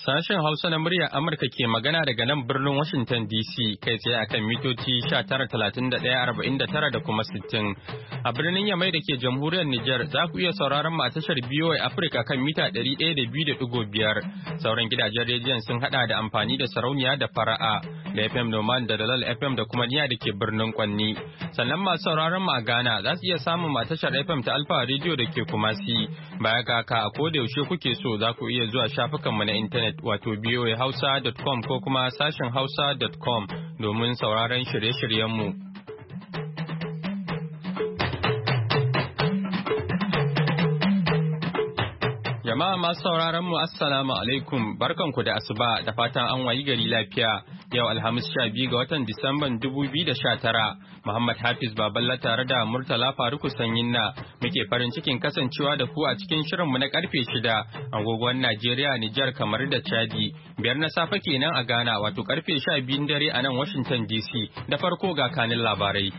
Sashen Hausa na murya Amurka ke magana daga nan birnin Washington DC kai tsaye akan mitoci 19,31,49 da kuma 60. A birnin Yamai da ke jamhuriyar Nijar za ku iya sauraron mu a tashar BOA Afirka kan mita da 102.5. Sauran gidajen rediyon sun hada da amfani da sarauniya da fara'a. da FM Noman da Dalal FM da kuma niya da ke birnin Kwanni. Sannan masu sauraron mu a Ghana za su iya samun matashar FM ta Alfa Radio da ke Kumasi. Baya kaka haka a da yaushe kuke so za ku iya zuwa shafukanmu na intanet wato voahausa.com ko kuma sashin hausa.com domin sauraron shirye-shiryenmu. Jama'a masu sauraron mu assalamu alaikum barkanku da asuba da fatan an wayi gari lafiya yau Alhamis sha biyu ga watan Disamban tara Muhammad Hafiz Baballa tare da Murtala Faruku Sanyinna muke farin cikin kasancewa da ku a cikin shirinmu na karfe shida agogon Najeriya Nijar kamar da Chadi biyar na safe kenan a Ghana wato karfe sha biyun dare a nan Washington DC da farko ga kanin labarai.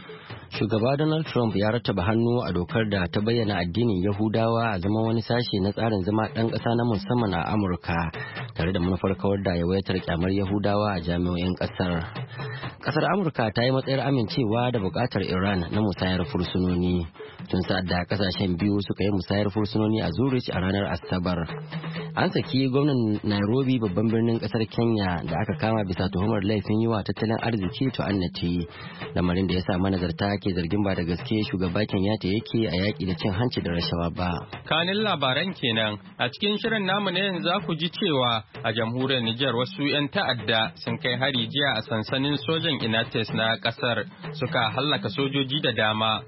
Shugaba Donald Trump ya rattaba hannu a dokar da ta bayyana addinin Yahudawa a zama wani sashe na tsarin zama ɗan ƙasa na musamman a Amurka tare da manufar kawar da yawaitar kyamar Yahudawa a jami'o'in ƙasar. Ƙasar Amurka ta yi matsayar amincewa da buƙatar Iran na musayar fursunoni. tun sa'adda da kasashen biyu suka yi musayar fursunoni a zurich a ranar asabar an saki gwamnan nairobi babban birnin kasar kenya da aka kama bisa tuhumar laifin yiwa tattalin arziki to annati lamarin da ya sa manazarta ke zargin ba da gaske shugaba ta yake a yaƙi da cin hanci da rashawa ba kanin labaran kenan a cikin shirin namu na yanzu za ku ji cewa a jamhuriyar nijar wasu 'yan ta'adda sun kai hari jiya a sansanin sojan inates na kasar suka hallaka sojoji da dama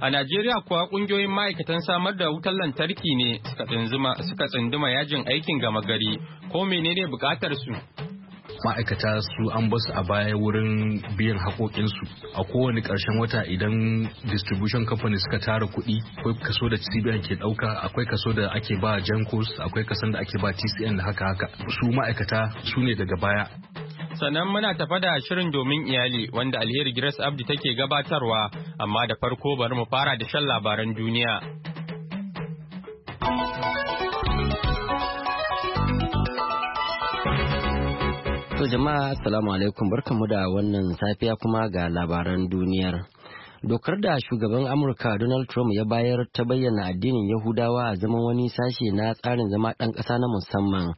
A Najeriya kuwa kungiyoyin ma'aikatan samar da wutar lantarki ne suka tsinduma yajin aikin gama gari ko menene bukatar su. ma'aikata su an basu a baya wurin biyan haƙoƙinsu a kowane ƙarshen wata idan distribution company suka tara kuɗi akwai kaso da cbn ke ɗauka akwai kaso da ake ba jankos akwai kasan da ake ba tcn da haka haka su ma'aikata su ne daga baya Sannan muna tafa da shirin domin iyali wanda alheri Grace Abdi take gabatarwa, amma da farko bari mu fara da shan labaran duniya. To jama'a, Assalamu alaikum, barkanmu da wannan safiya kuma ga labaran duniyar. Dokar da shugaban Amurka Donald Trump ya bayar ta bayyana addinin Yahudawa a zaman wani sashe na tsarin zama ɗan ƙasa na musamman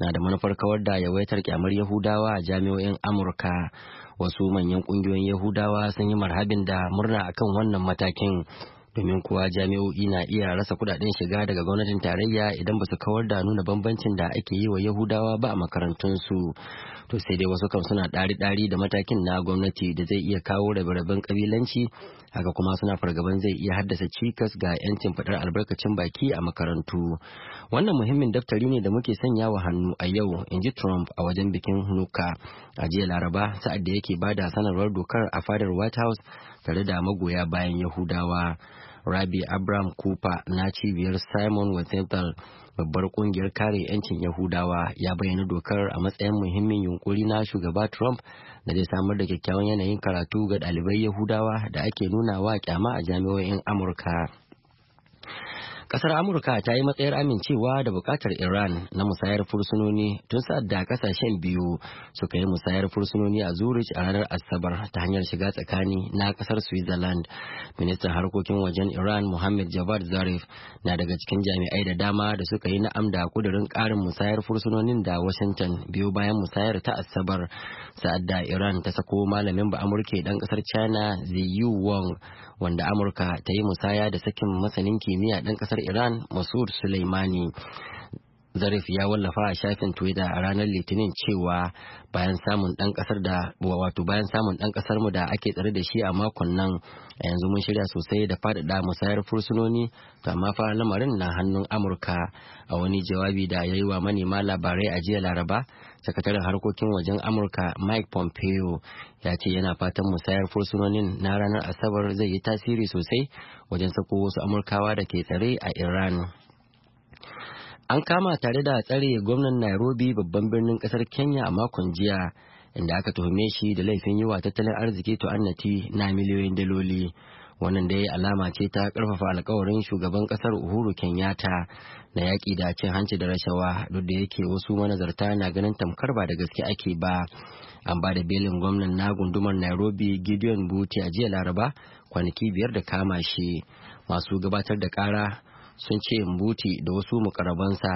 na da manufar kawar da yawaitar kyamar Yahudawa a jami'o'in Amurka. Wasu manyan ƙungiyoyin Yahudawa sun yi marhabin da murna akan wannan matakin. domin kuwa jami'o'i na iya rasa kudaden shiga daga gwamnatin tarayya idan ba su kawar da nuna bambancin da ake yi wa yahudawa ba a makarantunsu to sai dai wasu kan suna ɗari-ɗari da matakin na gwamnati da zai iya kawo rabe-raben kabilanci haka kuma suna fargaban zai iya haddasa cikas ga 'yancin faɗar albarkacin baki a makarantu wannan muhimmin daftari ne da muke sanya wa hannu a yau in ji trump a wajen bikin nuka a jiya laraba sa'ad da yake bada sanarwar dokar a fadar white house tare da magoya bayan yahudawa Rabi Abraham Cooper na cibiyar Simon Wiesenthal babbar kungiyar kare 'yancin Yahudawa ya bayyana dokar a matsayin muhimmin yunkuri na shugaba Trump da zai samar da kyakkyawan yanayin karatu ga ɗalibai Yahudawa da ake nuna wa kyama a jami'o'in Amurka. Kasar Amurka ta yi matsayar amincewa da bukatar Iran na musayar fursunoni tun sa'ad da kasashen biyu suka yi musayar fursunoni a Zurich a ranar Asabar ta hanyar shiga tsakani na kasar Switzerland. Ministan harkokin wajen Iran Mohammed Javad Zarif na daga cikin jami'ai da dama da suka yi na'am da kudurin karin musayar fursunonin da Washington biyu bayan musayar ta Asabar sa'ad da Iran ta sako malamin ba Amurke dan kasar China Ziyu Wang wanda Amurka ta yi musaya da sakin masanin kimiyya dan kasar Iran masud Suleimani. zarif ya wallafa a shafin twitter a ranar litinin cewa bayan samun dan kasar da wato bayan samun dan kasar mu da ake tsare da shi a makon nan a yanzu mun shirya sosai da faɗaɗa musayar fursunoni to amma fa lamarin na hannun amurka a wani jawabi da ya yi wa manema labarai a jiya laraba sakataren harkokin wajen amurka mike pompeo ya ce yana fatan musayar fursunonin na ranar asabar zai yi tasiri sosai wajen sako wasu amurkawa da ke tsare a iran an kama tare da tsare gwamnan Nairobi babban birnin kasar Kenya a makon jiya inda aka tuhume shi da laifin yi wa tattalin arziki to annati na miliyoyin daloli. Wannan da dai alama ce ta karfafa alkawarin shugaban kasar Uhuru Kenyatta na yaƙi da cin hanci da rashawa duk da yake wasu manazarta na ganin tamkar ba da gaske ake ba. An ba da belin gwamnan na gundumar Nairobi Gideon Buti a jiya Laraba kwanaki biyar da kama shi masu gabatar da ƙara. sun ce mbuti da wasu mukarabansa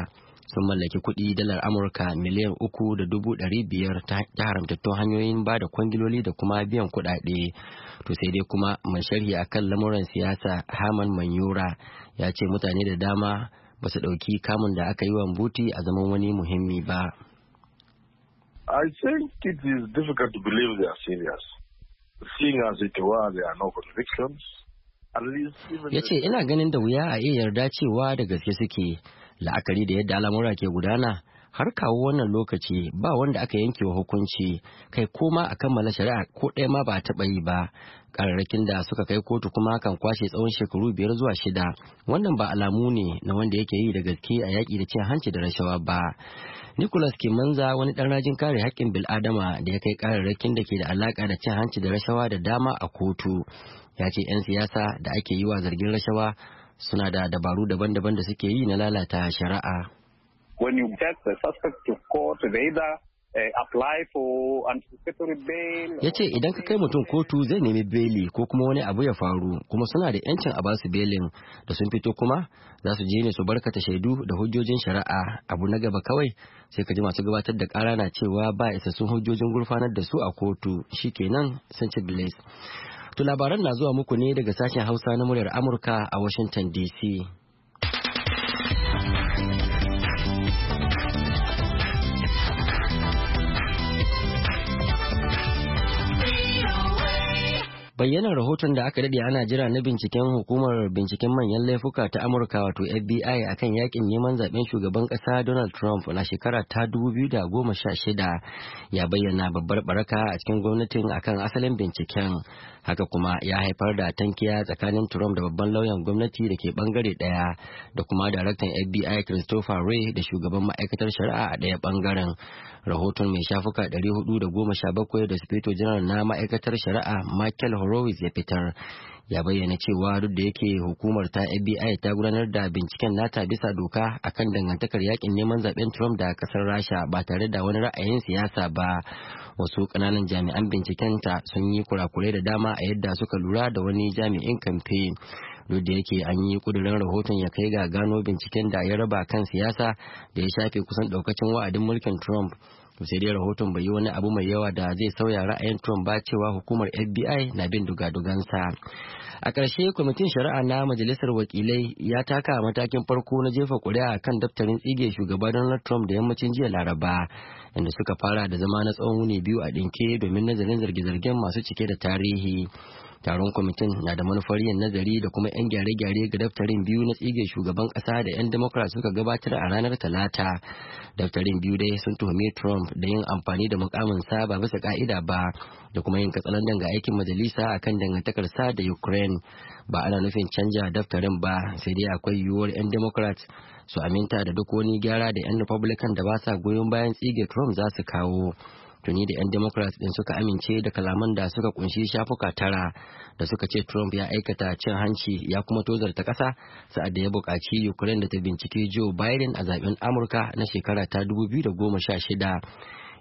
sun mallaki kuɗi dalar amurka miliyan uku da dubu ɗari biyar ta haramtattun hanyoyin ba da kwangiloli da kuma biyan kuɗaɗe to sai dai kuma mai sharhi kan lamuran siyasa haman manyura ya ce mutane da dama ba su ɗauki kamun da aka yi wa mbuti a zaman wani muhimmi ba I think it is difficult to believe they are serious. Seeing as it were, there are no convictions. ya ce ina ganin da wuya a iya yarda cewa da gaske suke la'akari da yadda al'amura ke gudana har kawo wannan lokaci ba wanda aka yanke wa hukunci kai koma a kammala shari'a ko ɗaya ma ba a taɓa yi ba Ƙararrakin da suka kai kotu kuma kan kwashe tsawon shekaru biyar zuwa shida wannan ba alamu ne na wanda yake yi da gaske a yaƙi da cin hanci da rashawa ba nicholas kimanza wani ɗan rajin kare haƙƙin bil'adama da ya kai ƙararrakin da ke da alaƙa da cin hanci da rashawa da dama a kotu ya ce 'yan siyasa da ake yi wa zargin rashawa suna da dabaru daban-daban da suke yi na lalata shari'a. When you get the suspect to court, they either eh, ya ce idan ka kai mutum kotu zai nemi beli ko kuma wani abu ya faru kuma suna da yancin a basu belin da sun fito kuma za su je ne su barkata shaidu da hujjojin shari'a abu na gaba kawai sai ka ji masu gabatar da kara na cewa ba isassun hujjojin gurfanar da su a kotu shikenan sun ci To labaran na zuwa muku ne daga sashen Hausa na muryar Amurka a Washington DC. bayyanar rahoton da aka dade ana jira na binciken hukumar binciken manyan laifuka ta amurka wato fbi akan yakin neman zaben shugaban kasa donald trump na shekara ta 2016 ya bayyana babbar baraka a cikin gwamnatin akan asalin binciken haka kuma ya haifar da tankiya tsakanin trump da babban lauyan gwamnati da ke bangare daya da kuma daraktan fbi christopher ray da shugaban ma'aikatar shari'a a daya bangaren rahoton mai shafuka 417 da sufeto janar na ma'aikatar shari'a michael horowitz ya fitar ya bayyana cewa duk da yake hukumar ta FBI ta gudanar da binciken nata bisa doka akan dangantakar yakin neman zaben Trump da kasar Rasha ba tare da wani ra'ayin siyasa ba wasu kananan jami'an bincikenta sun yi kurakurai da dama a yadda suka lura da wani jami'in kamfe duk da yake an yi kudirin rahoton ya kai ga gano binciken da ya raba kan siyasa da ya shafe kusan daukacin wa'adin mulkin trump sai dai rahoton bai yi wani abu mai yawa da zai sauya ra'ayin trump ba cewa hukumar fbi na bin dugadugansa a ƙarshe kwamitin shari'a na majalisar wakilai ya taka matakin farko na jefa ƙuri'a kan daftarin tsige shugaba donald trump da yammacin jiya laraba inda suka fara da zama na tsawon wuni biyu a ɗinke domin nazarin zarge-zargen masu cike da tarihi taron kwamitin na da manufar yin nazari da kuma 'yan gyare-gyare ga daftarin biyu na tsige shugaban ƙasa da 'yan democrat suka gabatar a ranar talata daftarin biyu dai sun tuhumi trump da yin amfani da mukaminsa ba bisa ka'ida ba da kuma yin katsalandan ga aikin majalisa a akan dangantakarsa da ukraine ba ana nufin canja daftarin ba sai dai akwai yiwuwar 'yan democrat su aminta da duk wani gyara da 'yan republican da ba sa goyon bayan tsige trump za su kawo tuni da 'yan democrats din suka amince da kalaman da suka kunshi shafuka tara da suka ce trump ya aikata cin hanci ya kuma tozarta kasa sa'ad da ya buƙaci ukraine da ta binciki joe biden a zaben amurka na shekara ta 2016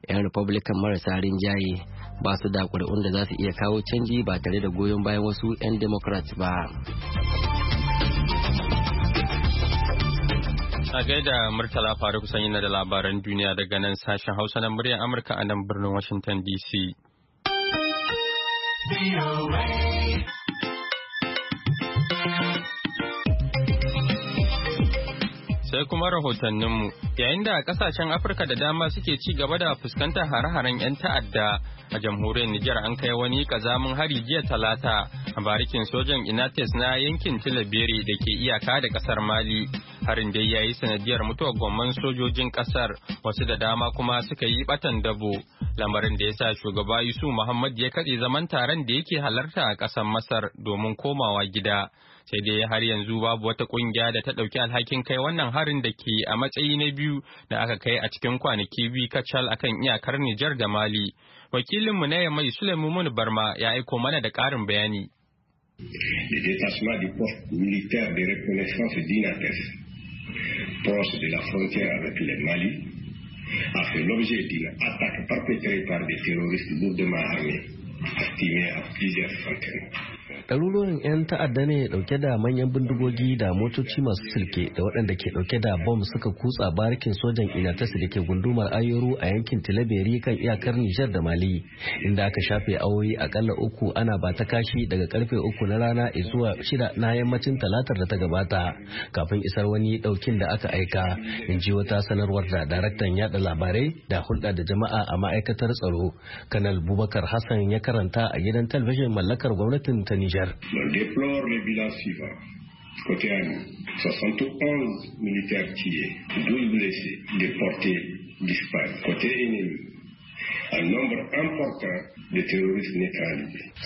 'yan republican marasa rinjaye ba su da ƙuri'un da za su iya kawo canji ba tare da goyon bayan wasu 'yan democrats ba. A gaida Murtala Faruk sanyi na da labaran duniya daga nan sashen Hausa na muryar Amurka a nan birnin Washington DC. sai kuma rahotanninmu yayin da kasashen afirka da dama suke ci gaba da fuskantar hare-haren 'yan ta'adda a jamhuriyar nijar an kai wani kazamin hari jiya talata a barikin sojan inates na yankin tilabere da ke iyaka da kasar mali harin dai ya yi sanadiyar mutuwar gwamman sojojin kasar wasu da dama kuma suka yi batan dabo lamarin da ya sa shugaba yusuf muhammad ya katse zaman taron da yake halarta a ƙasar masar domin komawa gida sai dai har yanzu babu wata kungiya da ta ɗauki alhakin kai wannan harin da ke a matsayi na biyu da aka kai a cikin kwanaki biyu kacal akan iyakar Nijar da Mali. Wakilinmu na Yamai munu Barma ya aiko mana da ƙarin bayani. Le détachement du poste militaire de reconnaissance d'Inates, proche de la frontière avec le Mali, a fait l'objet d'une attaque perpétrée par des terroristes lourdement armés, estimés à plusieurs centaines. ɗaruruwan 'yan ta'adda ne ɗauke da manyan bindigogi da motoci masu silke da waɗanda ke ɗauke da bom suka kutsa barikin sojan inatasi da ke gundumar ayoru a yankin tilaberi kan iyakar nijar da mali inda aka shafe awoyi akalla uku ana ba ta kashi daga karfe uku na rana zuwa shida na yammacin talatar da ta gabata kafin isar wani ɗaukin da aka aika in ji wata sanarwar da daraktan yada labarai da hulɗa da jama'a a ma'aikatar tsaro kanal bubakar hassan ya karanta a gidan talabijin mallakar gwamnatin ta Nijar.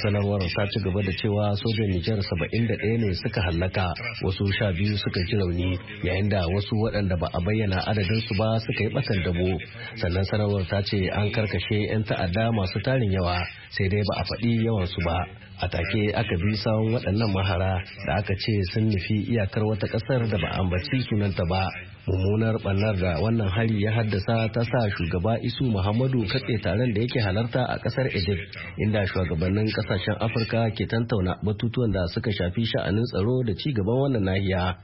Sanarwar ta ci gaba da cewa sojan Nijar 71 ne suka hallaka wasu sha biyu suka ji rauni yayin da wasu waɗanda ba a bayyana adadin su ba suka yi ɓatan dabo. Sannan sanarwar ta ce an karkashe 'yan ta'adda masu tarin yawa sai dai ba a faɗi yawansu ba. a take aka bi sawon waɗannan mahara da aka ce sun nufi iyakar wata ƙasar da ba ambaci sunanta ba mummunar ɓannar da wannan hari ya haddasa ta sa shugaba isu muhammadu katse taron da yake halarta a ƙasar egypt inda shugabannin ƙasashen afirka ke tantauna batutuwan da suka shafi sha'anin tsaro da ci gaban wannan nahiya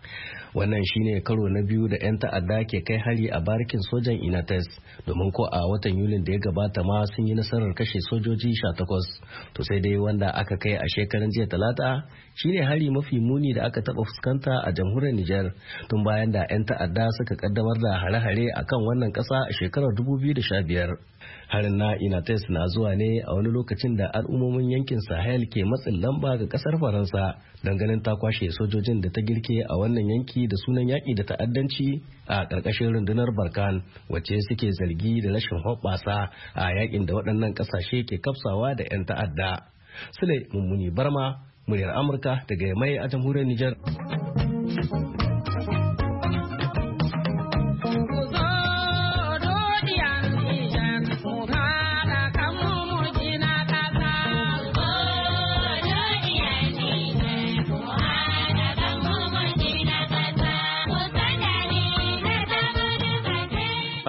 wannan shine karo na biyu da 'yan ta'adda ke kai hari a barikin sojan inates domin ko a watan yulin da ya gabata ma sun yi nasarar kashe sojoji 18 to sai dai wanda aka kai a shekaran jiya talata shine hari mafi muni da aka taɓa fuskanta a jamhuriyar niger tun bayan da 'yan ta'adda suka kaddamar da hare-hare a kan wannan ƙasa a shekarar 2015. Harin na Inates na zuwa ne a wani lokacin da al'ummomin yankin Sahel ke matsin lamba ga ƙasar Faransa don ganin ta kwashe sojojin da ta girke a wannan yanki da sunan yaƙi da ta'addanci a ƙarƙashin rundunar Barkan wacce suke zargi da rashin hoɓɓasa a yaƙin da waɗannan ƙasashe ke kafsawa da 'yan ta'adda. Sule Mummuni Barma, muryar Amurka daga mai a jamhuriyar Nijar.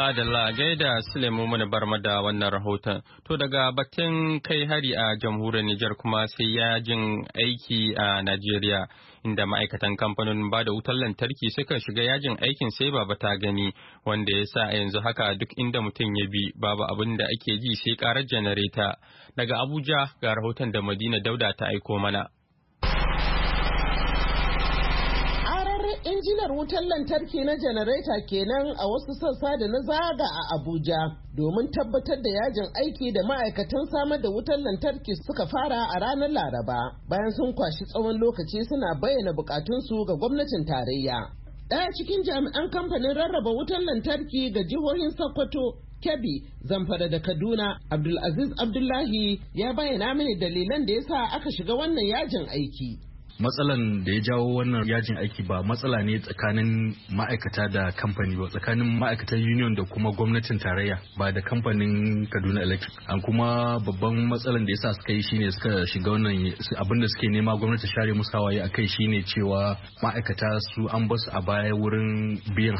Madalla gaida Sulemu mana barma da wannan rahoton. To daga batun kai hari a jamhuriyar Nijar kuma sai yajin aiki a Najeriya inda ma'aikatan kamfanin ba da wutar lantarki suka shiga yajin aikin sai baba ta gani wanda ya sa a yanzu haka duk inda mutum ya bi babu abin da ake ji sai karar janareta. Daga Abuja ga rahoton da Madina Dauda ta aiko mana. injinar wutar lantarki na janareta kenan a wasu sassa da na zaga a Abuja domin tabbatar da yajin aiki da ma'aikatan samar da wutar lantarki suka fara a ranar Laraba bayan sun kwashi tsawon lokaci suna bayyana bukatunsu ga gwamnatin tarayya. Ɗaya cikin jami'an kamfanin rarraba wutar lantarki ga jihohin Sokoto Kebbi, Zamfara da Kaduna, Abdulaziz Abdullahi ya bayyana mini dalilan da ya sa aka shiga wannan yajin aiki. matsalan da ya jawo wannan yajin aiki ba matsala ne tsakanin ma'aikata da kamfani ba tsakanin ma'aikatan union da kuma gwamnatin tarayya ba da kamfanin kaduna electric an kuma babban matsalan da ya sa suka yi shine suka shiga wannan abin da suke nema gwamnati share musu hawaye a kai shine cewa ma'aikata su an basu a baya wurin biyan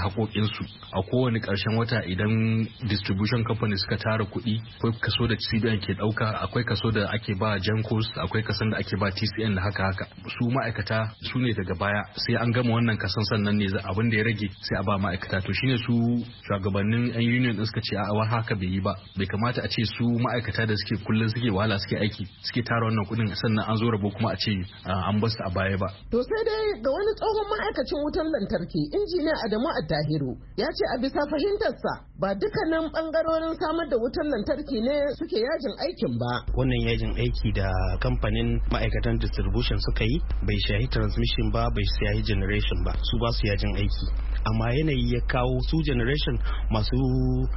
su a kowane karshen wata idan distribution company suka tara kuɗi akwai kaso da cbn ke ɗauka akwai kaso da ake ba jankos akwai kaso da ake ba tcn da haka haka su ma'aikata su ne daga baya sai an gama wannan kasan sannan ne abin da ya rage sai a ba ma'aikata to shine su shugabannin yan union din suka ce a haka bai yi ba bai kamata a ce su ma'aikata da suke kullum suke wahala suke aiki suke tara wannan kudin sannan an zo rabo kuma a ce an basu a baya ba to sai dai ga wani tsohon ma'aikacin wutar lantarki injiniya Adamu Attahiru ya ce a bisa fahimtarsa ba dukkanin bangarorin samar da wutar lantarki ne suke yajin aikin ba wannan yajin aiki da kamfanin ma'aikatan distribution suka yi bai shahi transmission ba bai shahi generation ba su ba su yajin aiki amma yanayi ya kawo su generation masu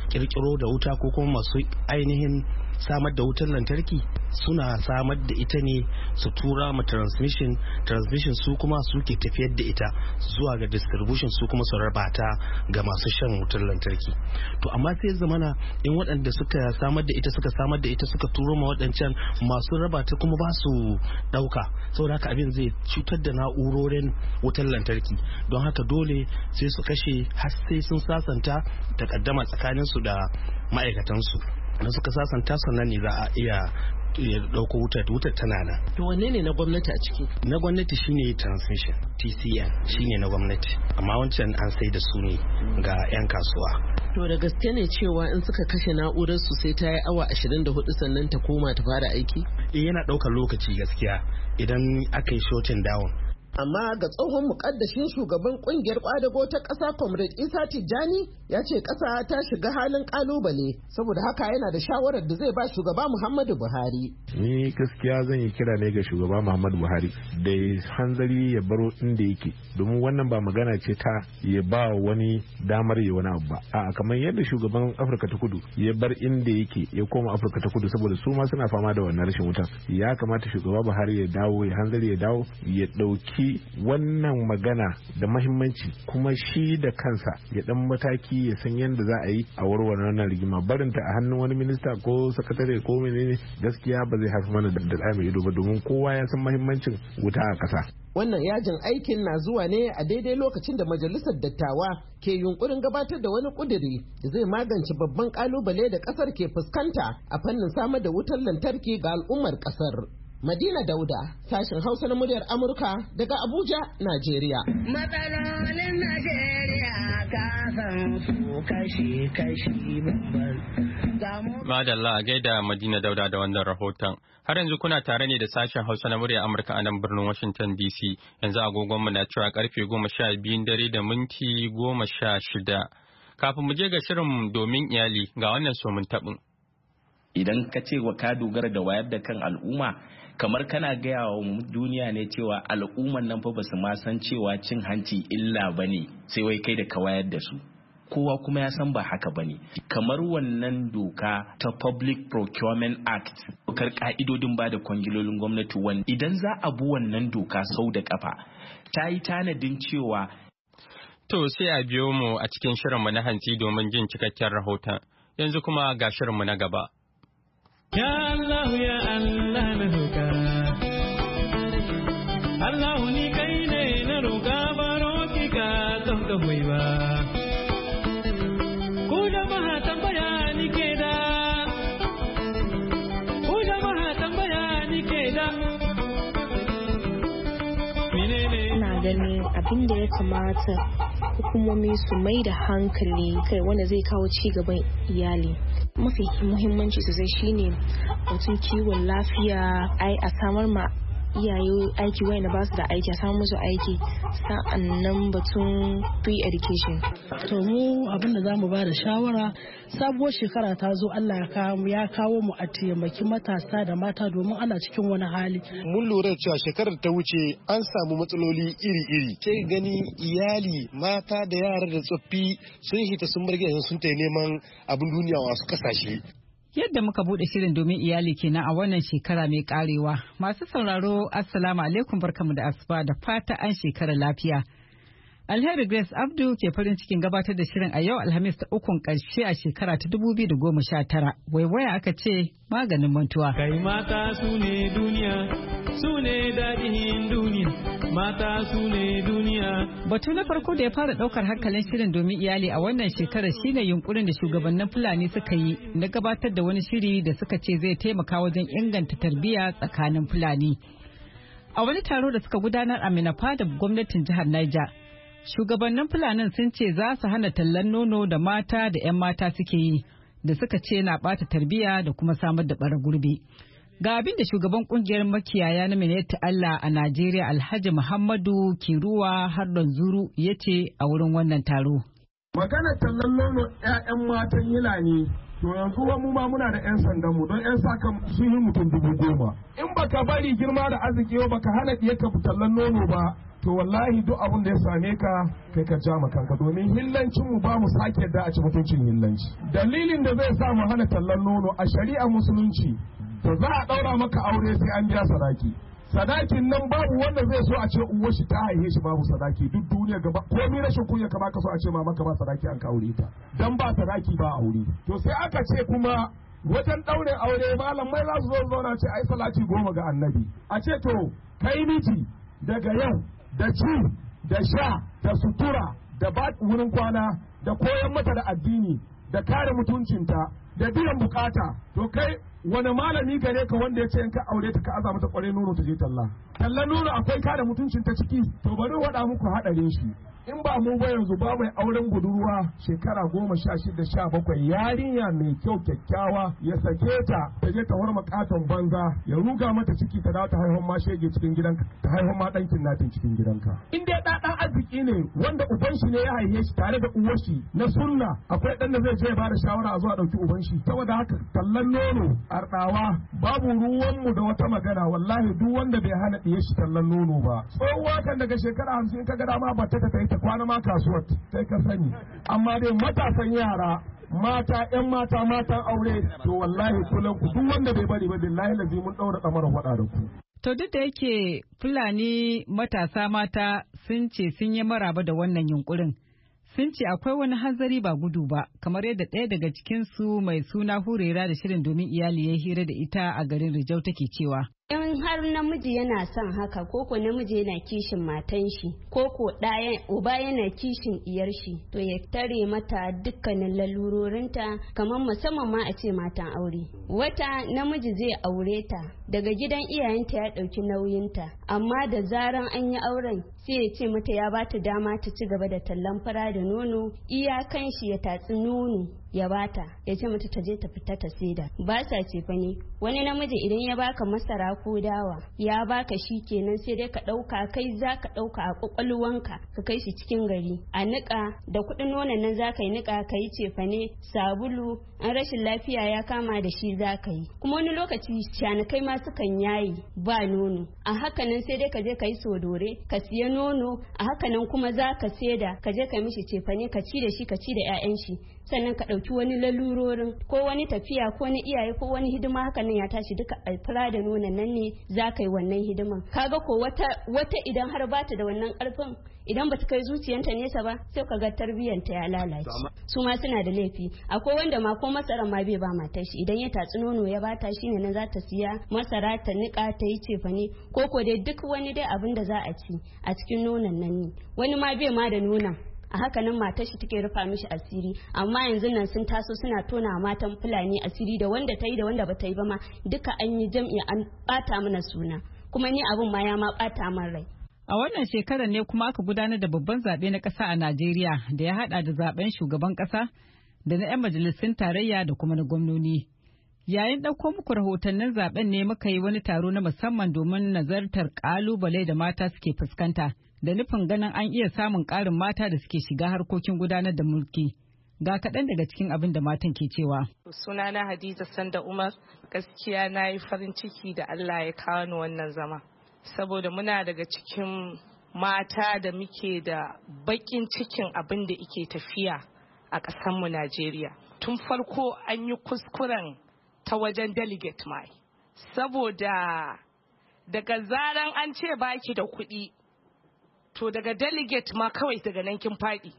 kirkiro da wuta ko kuma masu ainihin samar da wutar lantarki suna samar da ita ne su tura ma transmission transmission su kuma suke tafiyar da ita zuwa ga distribution su kuma su raba ga masu shan wutar lantarki to amma sai zamana in waɗanda suka samar da ita suka samar da ita suka turo ma waɗancan masu raba ta kuma ba su ɗauka saboda haka abin zai cutar da na'urorin wutar lantarki don haka dole sai su kashe har sai sun sasanta takaddama tsakaninsu da ma'aikatansu da suka sasanta sannan ne za a iya ya dauko wutar wutar tana nan to wanne ne na gwamnati a ciki na gwamnati shine transmission TCN shine na gwamnati amma wancan an sai da su ne ga yan kasuwa to da gaske ne cewa in suka kashe na'urar su sai ta yi awa 24 sannan ta koma ta fara aiki eh yana daukar lokaci gaskiya idan aka yi shotin down amma ga tsohon mukaddashin shugaban kungiyar kwadago ta ƙasa comrade isa tijjani ya ce ƙasa ta shiga halin kalubale saboda haka yana da shawarar da zai ba shugaba muhammadu buhari ni gaskiya zan yi kira ne ga shugaba muhammadu buhari da hanzari ya baro inda yake domin wannan ba magana ce ta ya ba wani damar ya wani abu ba a kamar yadda shugaban afirka ta kudu ya bar inda yake ya koma afirka ta kudu saboda su ma suna fama da wannan rashin wuta ya kamata shugaba buhari ya dawo ya hanzari ya dawo ya ɗauki wannan magana da mahimmanci kuma shi da kansa ya dan mataki ya san yadda za a yi a warware wannan rigima barinta a hannun wani minista ko sakatare ko menene gaskiya ba zai haifi mana da mai ido ba domin kowa ya san mahimmancin wuta a kasa Wannan yajin aikin na zuwa ne a daidai lokacin da majalisar dattawa ke yunkurin gabatar da wani kuduri da zai magance babban kalubale da kasar ke fuskanta a fannin samar da wutar lantarki ga al'ummar kasar. Madina Dauda, sashen Hausa na muryar Amurka daga Abuja, Najeriya. Matsalolin Najeriya ka san su kashi-kashi babban. Madalla gaida Madina Dauda da wannan rahoton. Har yanzu kuna tare ne da sashen Hausa na muryar Amurka a nan birnin Washington DC. Yanzu agogon mu na cewa karfe goma sha biyun dare da minti goma sha shida. Kafin mu je ga shirin domin iyali ga wannan somin taɓin. Idan ka ce wa ka dogara da wayar da kan al'umma kamar kana gaya wa duniya ne cewa al'umman nan fa basu ma san cewa cin hanci illa bane sai wai kai da ka wayar da su kowa kuma ya san ba haka bane kamar wannan doka ta public procurement act dokar ka'idodin ba da kwangilolin gwamnati wani idan za a bu wannan doka sau da kafa ta yi tanadin cewa to sai a biyo mu a cikin shirinmu na hanci domin jin cikakken rahoton yanzu kuma ga shirinmu na gaba ya Allah inda ya kamata hukumomi su mai da hankali kai wanda zai kawo ci gaban iyali mafi muhimmanci sosai shine batun kiwon lafiya ai a samar ma iyaye aiki wayanda ba su da aiki a samu musu aiki sa'annan batun free education to mu abin da zamu ba da shawara sabuwar shekara ta zo Allah ya kawo mu a taimaki matasa da mata domin ana cikin wani hali mun lura cewa shekarar ta wuce an samu matsaloli iri-iri Ke gani iyali mata da yara da tsoffi sun hita sun bar sun ta neman abin duniya wasu kasashe Yadda muka bude shirin domin iyali kenan a wannan shekara mai karewa. Masu sauraro, Assalamu alaikum barkamu da asuba da fata an shekara lafiya. Alheri Grace Abdu ke farin cikin gabatar da shirin a yau Alhamis ta ukun ƙarshe a shekara ta dubu biyu da goma sha tara Waiwaya aka ce maganin mantuwa. Kai mata su ne duniya, su ne daɗin duniya, mata su ne duniya. Batu na farko da ya fara ɗaukar hankalin shirin domin iyali a wannan shekarar shine yunkurin da shugabannin Fulani suka yi na gabatar da wani shiri da suka ce zai taimaka wajen inganta tarbiyya tsakanin Fulani. A wani taro da suka gudanar a Minafa da gwamnatin jihar Niger, Shugabannin Fulanin sun ce za su hana tallan nono da mata da 'yan mata suke yi da suka ce na bata tarbiyya da kuma samar da bara gurbi. Ga abin da shugaban kungiyar makiyaya na Mineta Allah a Najeriya Alhaji Muhammadu Kiruwa har Zuru ya ce a wurin wannan taro. Magana tallan nono 'ya'yan matan yana ne to yanzu wa mu ma muna da yan sandan mu don yan sakan sun yi mutum dubu goma in baka bari girma da arziki ba baka hana iya tafi tallan nono ba to wallahi duk abin da ya same ka kai ka ja kanka domin hillancin mu ba mu sake da a ci mutuncin hillanci dalilin da zai sa mu hana tallan nono a shari'a musulunci to za a daura maka aure sai an biya sadaki sadakin nan babu wanda zai so a ce uwar shi ta haihe shi babu sadaki duk duniya gaba ko mi rashin kunya ka so a ce mama ka ba sadaki an ka aure ta dan ba sadaki ba aure to sai aka ce kuma wajen daure aure malamai za su zo zauna ce ai salati goma ga annabi a ce to kai miji daga yau da ci da sha da sutura da ba wurin kwana da koyon mata da addini da kare mutuncinta da biyan bukata to kai wani malami gare ka wanda ya ce in ka aure ta ka aza mata kwarai nono ta je talla talla nono akwai kada mutuncin ta ciki to bari waɗa muku haɗarin shi in ba mu ba yanzu ba mai auren gudurwa shekara goma sha shida sha bakwai yarinya mai kyau kyakkyawa ya sake ta ta je ta horma katon banza ya ruga mata ciki ta dawo ta haihuwan ma shege cikin gidanka ta haihuwan ma dan natin cikin gidanka in dai da dan arziki ne wanda uban shi ne ya haife shi tare da uwar shi na sunna akwai dan da zai je ya da shawara a zuwa dauki uban shi saboda haka tallan nono arɗawa babu ruwanmu da wata magana wallahi duk wanda bai hana ɗiye shi tallan nono ba tsohon kan daga shekara hamsin ka gada ma bata ta ta kwana ma kasuwar sai ka sani amma dai matasan yara mata yan mata matan aure to wallahi kulan ku duk wanda bai bari ba billahi lazi mun daura kamarin faɗa da ku to duk da yake fulani matasa mata sun ce sun yi maraba da wannan yunkurin sun ce akwai wani hanzari ba gudu ba kamar yadda ɗaya daga cikinsu mai suna hurera da shirin domin iyali ya hira da ita a garin rijau take cewa in har namiji yana son haka koko namiji yana kishin matan shi koko ɗaya uba yana kishin iyar shi to ya tare mata dukkanin lalurorinta kamar musamman ma a ce matan aure wata namiji zai aure ta daga gidan iyayenta ya ɗauki nauyinta amma da zaran an yi auren sai ya ce mata ya ba ta dama ta ci gaba da tallan fara da nono kan shi ya tatsi nono ya bata ya ce mata ta je ta fita ta saida ba sa ce ne wani namiji idan ya baka masara ko dawa ya baka shi kenan sai dai ka ɗauka kai za ka ɗauka a kwakwalwanka ka kai shi cikin gari a niƙa da kuɗin nonon nan za ka yi niƙa ka yi cefane sabulu an rashin lafiya ya kama da shi za ka yi kuma wani lokaci shanakai ma sukan yayi ba nono a hakanan sai dai ka je ka yi sodore ka siya nono a hakanan kuma za ka saida ka je ka mishi cefane ka ci da shi ka ci da 'ya'yan shi sannan ka ɗauki wani lalurorin ko wani tafiya ko wani iyaye ko wani hidima hakanan ya tashi duka alfura da nonon nan ne za ka yi wannan hidiman kaga ko wata wata idan har bata da wannan ƙarfin idan ba bata kai zuciyanta nesa ba sai ka ga tarbiyyanta ya lalace su ma suna da laifi akwai wanda ma ko masara ma bai ba matar shi idan ya tatsi nono ya bata shi ne nan za ta siya masara ta nika ta yi cefane ko ko dai duk wani dai abin da za a ci a cikin nonon nan ne wani ma bai ma da nonon a haka nan matar shi take rufa mishi asiri amma yanzu nan sun taso suna tona matan fulani asiri da wanda ta yi da wanda ba ta yi ba ma duka an yi jam'i an bata mana suna kuma ni abin ma ya ma bata man rai A wannan shekarar ne kuma aka gudanar da babban zaɓe na ƙasa a Najeriya da ya haɗa da zaɓen shugaban ƙasa da na 'yan majalisun tarayya da kuma na gwamnoni. Yayin ɗauko muku rahotannin zaɓen ne muka yi wani taro na musamman domin nazartar ƙalubale da mata suke fuskanta da nufin ganin an iya samun ƙarin mata da suke shiga harkokin gudanar da mulki. ga kaɗan daga cikin abin da matan ke cewa. Sunana Hadiza Sanda Umar gaskiya na yi farin ciki da Allah ya kawo ni wannan zama. saboda muna daga cikin mata da muke da bakin cikin abin da ike tafiya a ƙasanmu Najeriya. Tun farko an yi kuskuren ta wajen delegate mai. Saboda daga zaran an ce baki da kuɗi, to daga delegate ma kawai daga nan kin faɗi.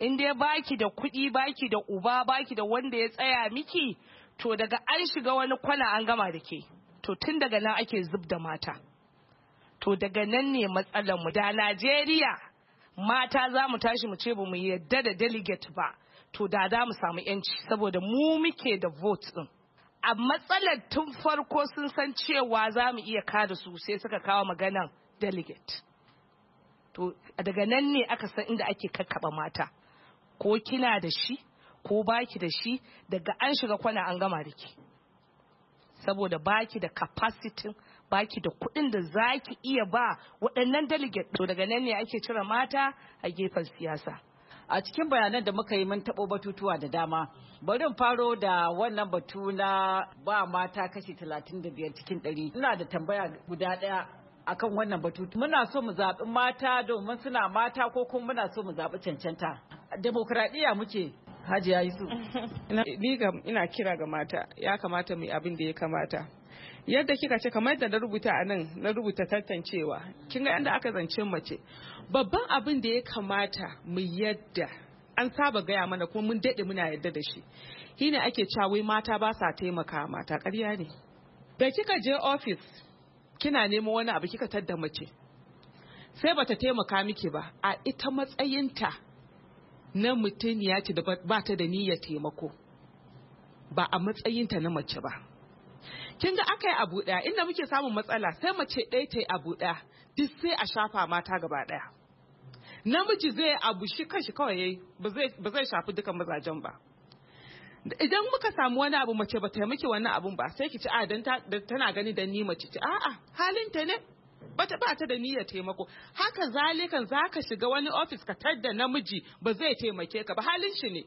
In dai baki da kuɗi, baki da uba, baki da wanda ya tsaya miki, to daga an shiga wani kwana an gama da ke. To tun daga nan ake zub da mata. to daga nan ne matsalar mu da Najeriya mata za mu tashi mu ce ba mu yarda da delegate ba to da za mu samu yanci saboda mu muke da vote din a matsalar tun farko sun san cewa za mu iya kada su sai suka kawo maganan delegate to daga nan ne aka san inda ake kakkaba mata ko kina da shi ko baki da shi daga an shiga kwana an gama da ke saboda baki da capacity baki da kuɗin da za ki iya ba waɗannan delegate to daga nan ne ake cire mata a gefen siyasa a cikin bayanan da muka yi mun taɓo batutuwa da dama bari in faro da wannan batu na ba mata kashi 35 cikin 100 ina da tambaya guda ɗaya akan wannan batu muna so mu zaɓi mata domin suna mata ko kuma muna so mu zaɓi cancanta demokradiyya muke Hajiya Yusuf. Ni ga ina kira ga mata, ya kamata mu abin da ya kamata. yadda kika ce kamar yadda na rubuta a nan na rubuta tantancewa kin ga yadda aka zance mace babban abin da ya kamata mu yadda an saba gaya mana kuma mun daɗe muna yadda da shi shine ake cawai mata ba sa taimaka mata ƙarya ne da kika je ofis kina neman wani abu kika tadda mace sai bata taimaka miki ba a ita matsayinta na ya ce da ba ta da niyyar taimako ba a matsayinta na mace ba kin ga aka yi abu ɗaya inda muke samun matsala sai mace ɗaya ta yi abu ɗaya duk sai a shafa mata gaba ɗaya namiji zai abu shi kanshi kawai yayi ba zai shafi dukan mazajen ba idan muka samu wani abu mace ba taimaki wani abun ba sai ki ci ah, a dan tana gani da ni mace ci a'a halin ta ne bata ba ta da niyyar taimako haka zalikan zaka shiga wani ofis ka tadda namiji ba zai taimake ka ba halin shi ne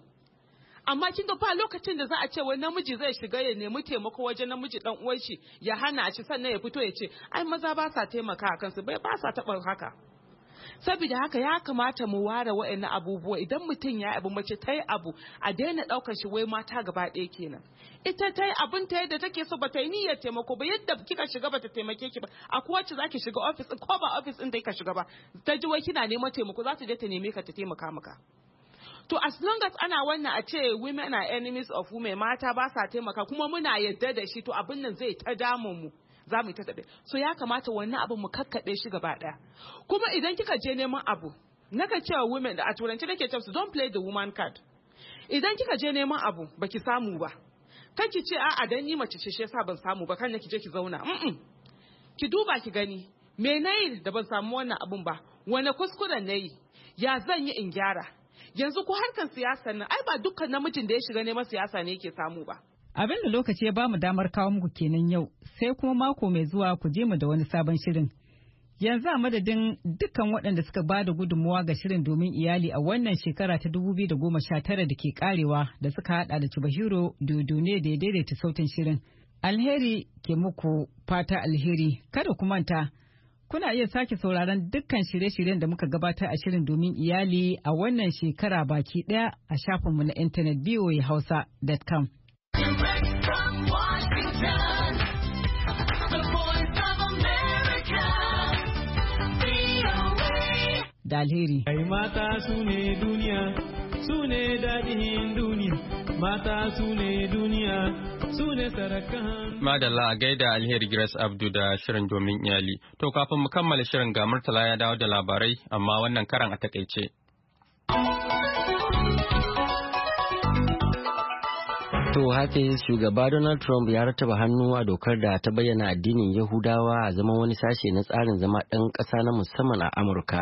amma kin ga ba lokacin da za a ce wai namiji zai shiga ya nemi taimako wajen namiji dan uwan shi ya hana shi sannan ya fito ya ce ai maza ba sa taimaka a kansu bai ba sa taɓa haka saboda haka ya kamata mu ware wa'annan abubuwa idan mutum ya abu mace ta yi abu a daina ɗaukar shi wai mata gaba ɗaya kenan ita ta yi abin ta yadda take so bata yi niyyar taimako ba yadda kika shiga bata taimake ki ba a kowace zaki shiga ofis ko ba ofis ɗin da ka shiga ba ta ji wai kina neman taimako za ta je ta neme ka ta taimaka maka To as long as ana wannan a ce women are enemies of women mata ba sa taimaka kuma muna yadda da shi to abin nan zai ta damun mu. za mu ta kaɗe. So ya kamata wannan abin mu kakkaɓe shi gaba ɗaya. Kuma idan kika je neman abu, naka cewa women da a turanci nake cewa su don't play the woman card. Idan kika je neman abu baki samu ba, kan ki ce a'a dan ni mace ce shi yasa ban samu ba kan ki je ki zauna. Mm Ki duba ki gani me nayi da ban samu wannan abun ba, wane kuskuren nayi, ya zan yi in gyara. yanzu ko harkan siyasa nan ai ba dukkan namijin da ya shiga neman siyasa ne yake samu ba abin da lokaci ya bamu damar kawo muku kenan yau sai kuma mako mai zuwa ku je mu da wani sabon shirin yanzu a madadin dukkan waɗanda suka ba da gudunmuwa ga shirin domin iyali a wannan shekara ta 2019 da goma sha tara da ke karewa da suka haɗa da Chubahiro dudune da ya daidaita sautin shirin. Alheri ke muku fata alheri kada ku manta Kuna iya sake sauraron dukkan shirye-shiryen da muka gabatar a shirin domin iyali a wannan shekara baki ɗaya a shafinmu na intanet voahausa.com. Da Ai Kai mata su ne duniya, su ne daɗin duniya, mata su ne duniya. su Madalla a gaida alheri Grace Abdu da shirin domin iyali. To kafin mu kammala shirin ga Murtala ya dawo da labarai amma wannan karan a takaice. To Hafiz shugaba Donald Trump ya rataba hannu a dokar da ta bayyana addinin Yahudawa a zama wani sashe na tsarin zama ɗan ƙasa na musamman a Amurka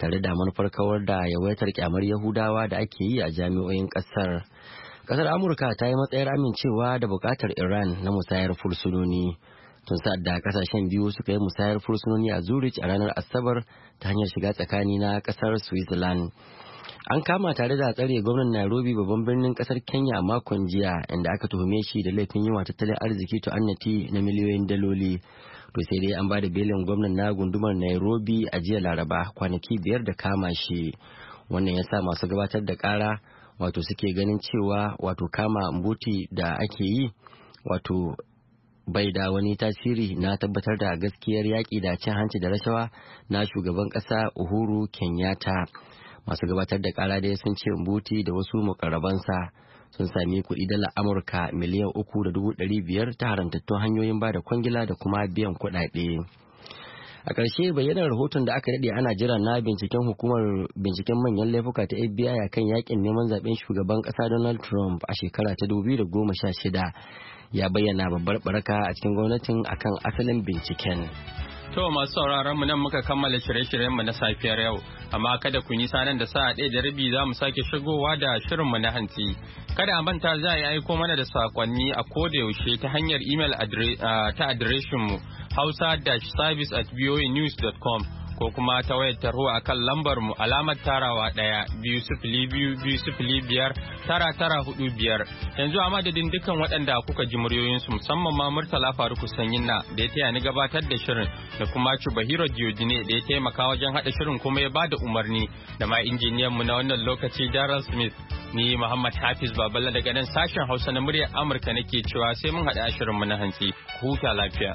tare da manufar kawar da yawaitar kyamar Yahudawa da ake yi a jami'o'in ƙasar. kasar amurka ta yi matsayar amincewa da bukatar iran na musayar fursunoni tun da kasashen biyu suka yi musayar fursunoni a zurich a ranar asabar ta hanyar shiga tsakani na kasar switzerland an kama tare da tsare gwamnan nairobi babban birnin kasar kenya a makon jiya inda aka tuhume shi da laifin yiwa tattalin arziki to annati na miliyoyin daloli to sai dai an ba da belin gwamnan na gundumar nairobi a jiya laraba kwanaki biyar da kama shi wannan ya sa masu gabatar da kara wato suke ganin cewa wato kama mbuti da ake yi wato bai da wani tasiri na tabbatar da gaskiyar yaƙi da cin hanci da rashawa na shugaban ƙasa uhuru kenyatta masu gabatar da ƙara dai sun ce mbuti da wasu makarabansa sun sami kuɗi dala amurka miliyan uku da dubu ɗari biyar ta haramtattun hanyoyin ba da kwangila da kuma biyan kuɗaɗe. a ƙarshe bayyanar rahoton da aka daɗe ana jira na binciken hukumar binciken manyan laifuka ta fbi a kan yakin neman zaben shugaban ƙasa donald trump a shekara ta 2016 ya bayyana babbar baraka a cikin gwamnatin akan asalin binciken to masu sauraron mu nan muka kammala shirye-shiryen mu na safiyar yau amma kada ku nisa nan da sa'a ɗaya da rabi za mu sake shigowa da shirin mu na hantsi. Kada a manta za a yi aiko mana da sakonni a koda yaushe ta hanyar imel ah, ta adireshinmu hausa-service at voanews.com ko kuma ta wayar tarho a kan lambar mu alamar tarawa ɗaya biyu sifili biyu biyu sifili biyar tara tara hudu biyar yanzu a madadin dukkan waɗanda kuka ji muryoyinsu musamman ma murtala faruku sanyin na da ya taya ni gabatar da shirin da kuma ci bahiro diodine da ya taimaka wajen haɗa shirin kuma ya bada umarni da ma injiniyan mu na wannan lokaci daryl smith ni muhammad hafiz baballa daga nan sashen hausa na muryar amurka nake cewa sai mun haɗa shirin mu na hantsi huta lafiya.